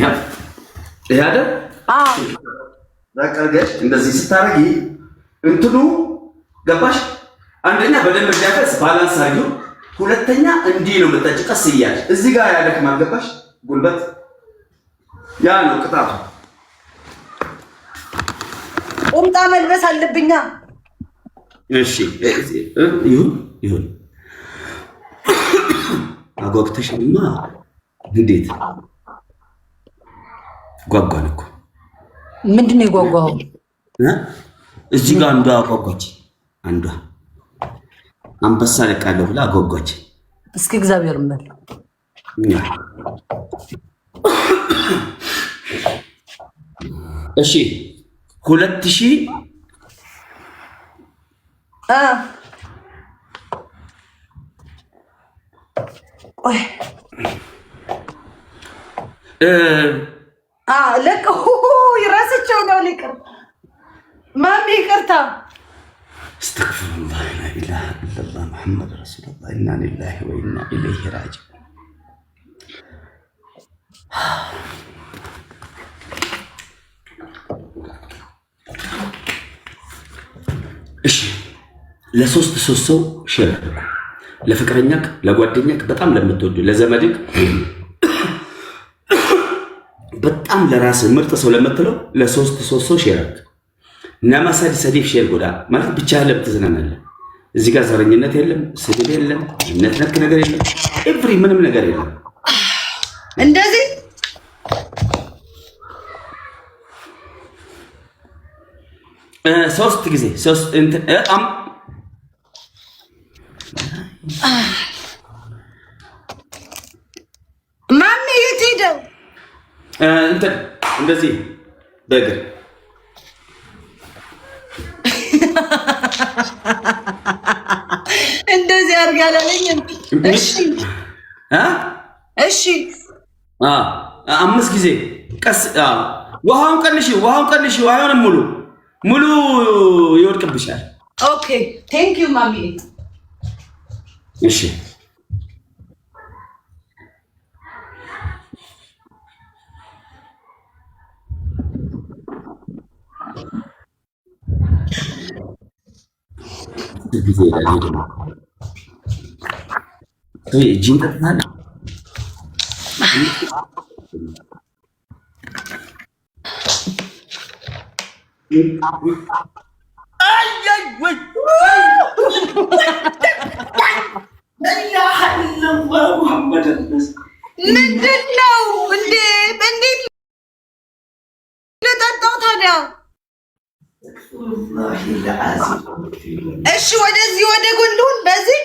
ይሄ አይደል? አዎ ዳቀርገሽ እንደዚህ ስታረጊ እንትሉ ገባሽ። አንደኛ በደንብ እንዲያፈስ ባላንስ አድርጊው። ሁለተኛ እንዲህ ነው መጣጭ ቀስ እያልሽ እዚህ ጋር ያደክማል። ገባሽ? ጉልበት ያ ነው ቅጣቱ። ቁምጣ መልበስ አለብኛ። እሺ ይሁን ይሁን። አጓግተሽማ እንዴት ጓጓን እኮ ምንድን ነው የጓጓው? እዚህ ጋር አንዷ አጓጓች፣ አንዷ አንበሳ ልቃለሁ ብላ አጓጓች። እስኪ እግዚአብሔር መል እሺ፣ ሁለት ሺ ቆይ ልክ ረስቸው ነው ሊቅር ማሚ ይቅርታ እስተግፍሩላህ ላኢላሃ ኢለላህ መሐመድ ረሱሉላህ ኢና ሊላሂ ወኢና ኢለይሂ ራጂዑን እሺ ለሶስት ሶስት ሰው ሸር ለፍቅረኛክ ለጓደኛክ በጣም ለምትወዱ ለዘመድክ በጣም ለራስህ ምርጥ ሰው ለምትለው ለሶስት ሶስት ሰው ሼር አድርግ። ነመሰድ ሰዲፍ ሼር ጎዳ ማለት ብቻ ያለም ትዝናናለህ። እዚህ ጋር ዘረኝነት የለም፣ ስድብ የለም፣ እምነት ነክ ነገር የለም፣ ኤቭሪ ምንም ነገር የለም። እንደዚህ ሶስት ጊዜ ሶስት እንትን እንደዚህ በእግር እንደዚህ አድርግ አላለኝም። እሺ አምስት ጊዜ ቀስ ውሃውን ቀንሽ፣ ውሃውን ቀንሽ። አይሆንም፣ ሙሉ ሙሉ ይወድቅብሻል። ኦኬ ቴንክ ዩ ማሚ። እሺ cái gì là gì được tôi chỉ chính thức hết ai ai quỳ ምንድን ነው እንዴ? እንዴት ለጠጣው ታዲያ እሺ፣ ወደዚህ ወደ ጎን ልሁን በዚህ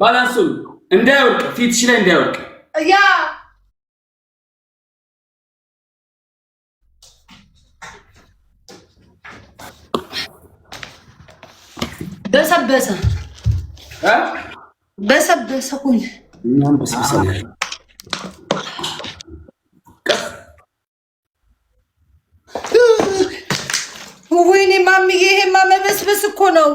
ባላንሱን እንዳይወርቅ ፊትሽ ላይ እንዳይወርቅ ያ በሰበሰ በሰበሰ ሆነ። ወይኔ ማምዬ ይሄማ መበስበስ እኮ ነው።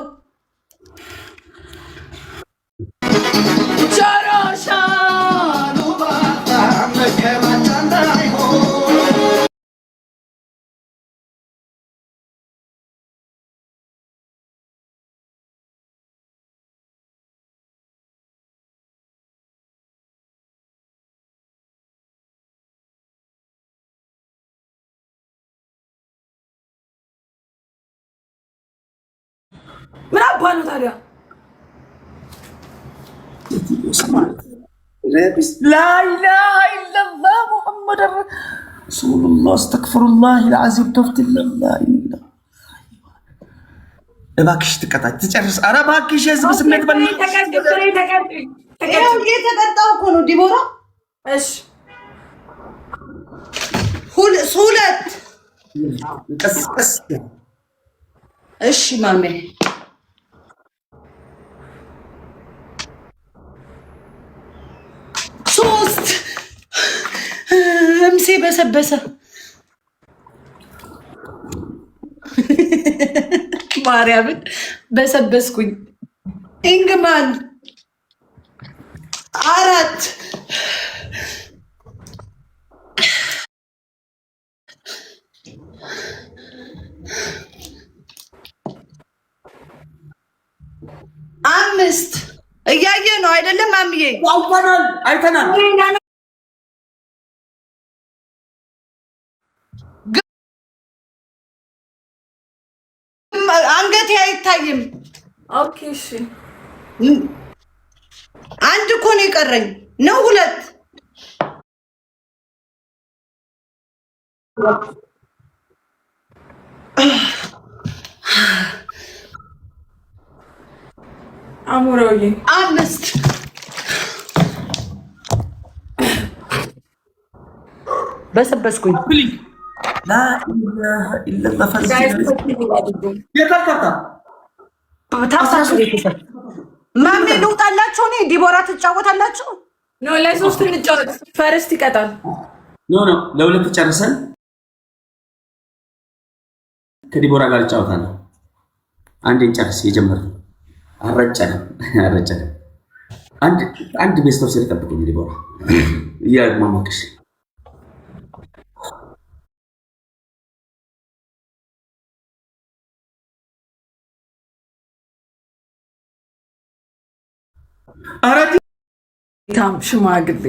ምን አባ ነው ታዲያ? ላኢላሀ ኢለላህ ሙሐመድ ረሱሉላህ አስተግፍሩላህ ልዓዚም ተፍትለላ እባክሽ ትቀጣች ትጨርስ። ኧረ እባክሽ የህዝብ ስሜት የተቀጣው እኮ ነው ዲቦራ ሁለት እሺ ማሜ በምሴ በሰበሰ ማርያምን በሰበስኩኝ። ኢንግማን አራት አምስት እያየ ነው አይደለም? አምዬ አይተናል። አንገቴ አይታይም። ኦኬ እሺ። አንድ እኮ ነው የቀረኝ ነው ሁለት አሞራውዬ አምስት በሰበስኩኝ ማሜ ልውጣላችሁ? እኔ ዲቦራ ትጫወታላችሁ? ኖ ለሶስት እንጫወት። ፈርስት ይቀጣል። ኖ ኖ ለሁለት ጨርሰን ከዲቦራ ጋር እጫወታለሁ። አንዴን ጨርስ። የጀመረው አረጨንም አረጨንም አንድ አንድ ቤስቶስ የተጠብቁ ዲቦራ እያማማክሽ አራት ታም ሽማግሌ